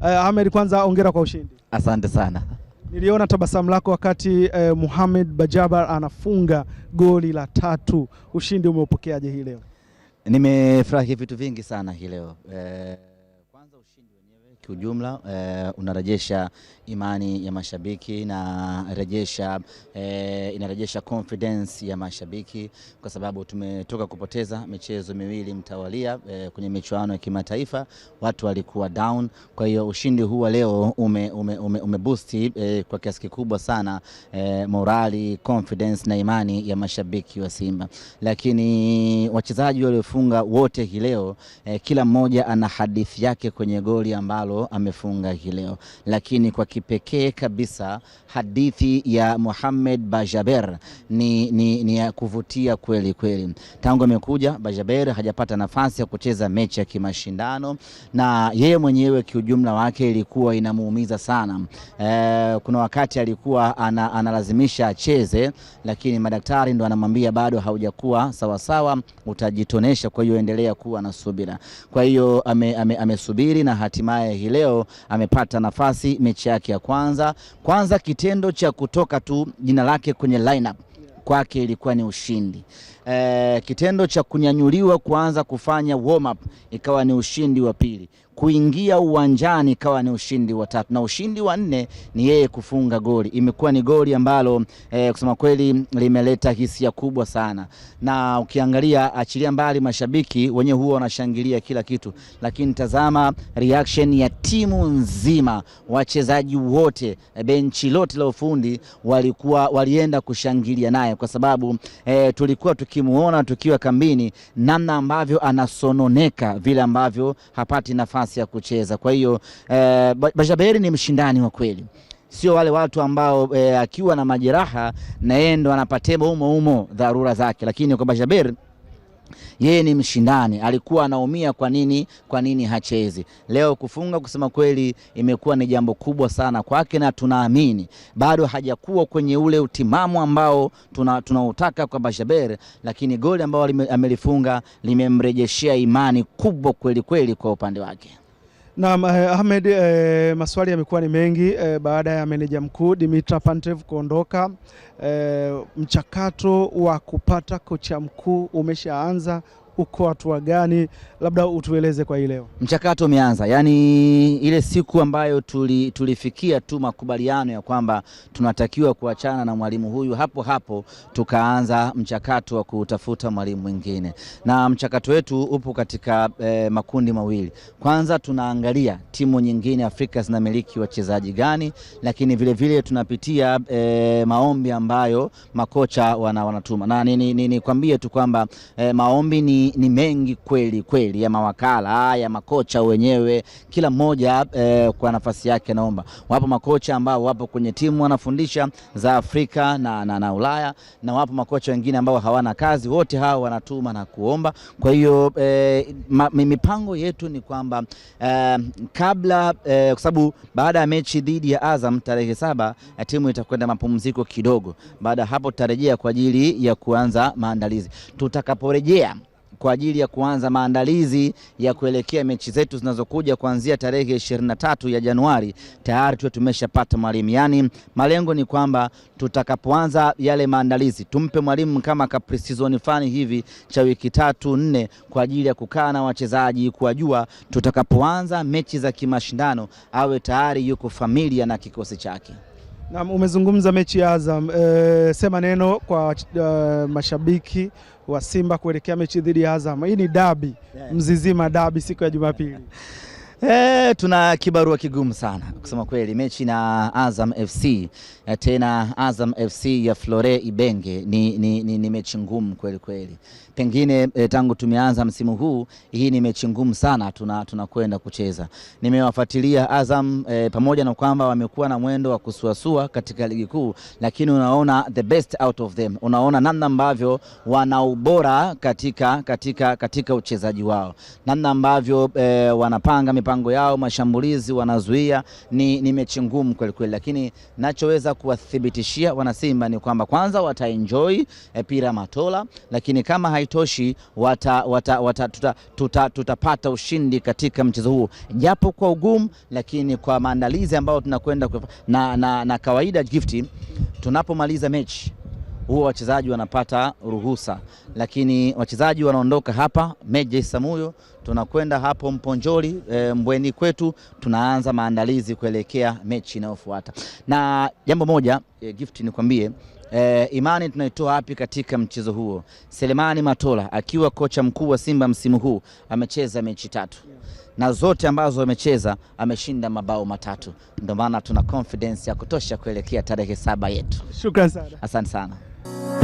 Uh, Ahmed, kwanza ongera kwa ushindi. Asante sana. Niliona tabasamu lako wakati uh, Mohamed Bajaber anafunga goli la tatu. Ushindi umeupokeaje hii leo? Nimefurahi vitu vingi sana hii leo uh, kwanza ushindi kiujumla e, unarejesha imani ya mashabiki na rejesha e, inarejesha confidence ya mashabiki kwa sababu tumetoka kupoteza michezo miwili mtawalia e, kwenye michuano ya kimataifa, watu walikuwa down. Kwa hiyo ushindi huu wa leo ume, ume, ume, ume boost e, kwa kiasi kikubwa sana e, morali, confidence na imani ya mashabiki wa Simba, lakini wachezaji waliofunga wote hii leo e, kila mmoja ana hadithi yake kwenye goli ambalo amefunga hii leo, lakini kwa kipekee kabisa hadithi ya Muhammad Bajaber ni, ni, ni ya kuvutia kweli kweli. Tangu amekuja Bajaber hajapata nafasi ya kucheza mechi ya kimashindano, na yeye mwenyewe kiujumla wake ilikuwa inamuumiza sana. E, kuna wakati alikuwa ana, analazimisha acheze, lakini madaktari ndo anamwambia bado haujakuwa sawasawa, utajitonesha, kwa hiyo endelea kuwa na subira. Kwa hiyo amesubiri ame, ame na hatimaye hii leo amepata nafasi mechi yake ya kwanza. Kwanza kitendo cha kutoka tu jina lake kwenye lineup kwake ilikuwa ni ushindi. E, kitendo cha kunyanyuliwa kuanza kufanya warm up ikawa ni ushindi wa pili kuingia uwanjani ikawa ni ushindi wa tatu, na ushindi wa nne ni yeye kufunga goli. Imekuwa ni goli ambalo eh, kusema kweli limeleta hisia kubwa sana, na ukiangalia, achilia mbali mashabiki wenyewe huwa wanashangilia kila kitu, lakini tazama reaction ya timu nzima, wachezaji wote, eh, benchi lote la ufundi walikuwa walienda kushangilia naye, kwa sababu eh, tulikuwa tukimuona tukiwa kambini, namna ambavyo anasononeka, vile ambavyo hapati nafasi nafasi ya kucheza. Kwa hiyo eh, Bajaberi ni mshindani wa kweli, sio wale watu ambao eh, akiwa na majeraha na yeye ndo anapatema umo umo dharura zake, lakini kwa Bajaberi yeye ni mshindani, alikuwa anaumia. Kwa nini? Kwa nini hachezi leo? Kufunga kusema kweli, imekuwa ni jambo kubwa sana kwake, na tunaamini bado hajakuwa kwenye ule utimamu ambao tunautaka tuna kwa Bajaber, lakini goli ambao amelifunga limemrejeshea imani kubwa kweli kweli kwa upande wake. Naam, eh, Ahmed eh, maswali yamekuwa ni mengi eh, baada ya meneja mkuu Dimitar Pantev kuondoka eh, mchakato wa kupata kocha mkuu umeshaanza uko hatua gani? Labda utueleze kwa hii leo. Mchakato umeanza, yaani ile siku ambayo tuli, tulifikia tu makubaliano ya kwamba tunatakiwa kuachana na mwalimu huyu, hapo hapo tukaanza mchakato wa kutafuta mwalimu mwingine, na mchakato wetu upo katika eh, makundi mawili. Kwanza tunaangalia timu nyingine Afrika zinamiliki wachezaji gani, lakini vilevile vile tunapitia eh, maombi ambayo makocha wana, wanatuma na nikwambie ni, ni, ni, tu kwamba eh, maombi ni ni, mengi kweli kweli, ya mawakala ya makocha wenyewe, kila mmoja eh, kwa nafasi yake. Naomba wapo makocha ambao wapo kwenye timu wanafundisha za Afrika na, na, na Ulaya na wapo makocha wengine ambao hawana kazi, wote hao wanatuma na kuomba. Kwa hiyo eh, mipango yetu ni kwamba eh, kabla eh, kwa sababu baada ya mechi dhidi ya Azam tarehe saba eh, timu itakwenda mapumziko kidogo, baada hapo tutarejea kwa ajili ya kuanza maandalizi tutakaporejea kwa ajili ya kuanza maandalizi ya kuelekea mechi zetu zinazokuja kuanzia tarehe 23 ya Januari, tayari tuwe tumeshapata mwalimu. Yaani malengo ni kwamba tutakapoanza yale maandalizi tumpe mwalimu kama kapri season fani hivi cha wiki tatu nne, kwa ajili ya kukaa na wachezaji kuwajua, tutakapoanza mechi za kimashindano awe tayari yuko familia na kikosi chake. Na umezungumza mechi ya Azam e, sema neno kwa uh, mashabiki wa Simba kuelekea mechi dhidi ya Azam. Hii ni dabi yeah. Mzizima dabi siku ya Jumapili E, tuna kibarua kigumu sana kusema kweli, mechi na Azam FC eh, tena Azam FC ya Flore Ibenge ni, ni, ni, ni mechi ngumu kweli kweli, pengine eh, tangu tumeanza msimu huu hii ni mechi ngumu sana tunakwenda tuna kucheza. Nimewafuatilia Azam eh, pamoja na kwamba wamekuwa na mwendo wa kusuasua katika ligi kuu, lakini unaona the best out of them, unaona namna ambavyo wana ubora katika, katika, katika uchezaji wao, namna ambavyo eh, wanapanga mipango yao, mashambulizi wanazuia, ni, ni mechi ngumu kweli kweli, lakini nachoweza kuwathibitishia wanasimba ni kwamba kwanza wataenjoy eh, pira Matola, lakini kama haitoshi wata, wata, wata, tuta, tuta, tutapata ushindi katika mchezo huu japo kwa ugumu, lakini kwa maandalizi ambayo tunakwenda na, na, na kawaida gifti, tunapomaliza mechi huwa wachezaji wanapata ruhusa, lakini wachezaji wanaondoka hapa Meja Isamuyo tunakwenda hapo Mponjoli e, Mbweni kwetu, tunaanza maandalizi kuelekea mechi inayofuata. Na jambo moja e, gift nikwambie e, imani tunaitoa wapi katika mchezo huo? Selemani Matola akiwa kocha mkuu wa Simba msimu huu amecheza mechi tatu na zote ambazo amecheza ameshinda mabao matatu, ndio maana tuna confidence ya kutosha kuelekea tarehe saba yetu. Shukrani sana, asante sana.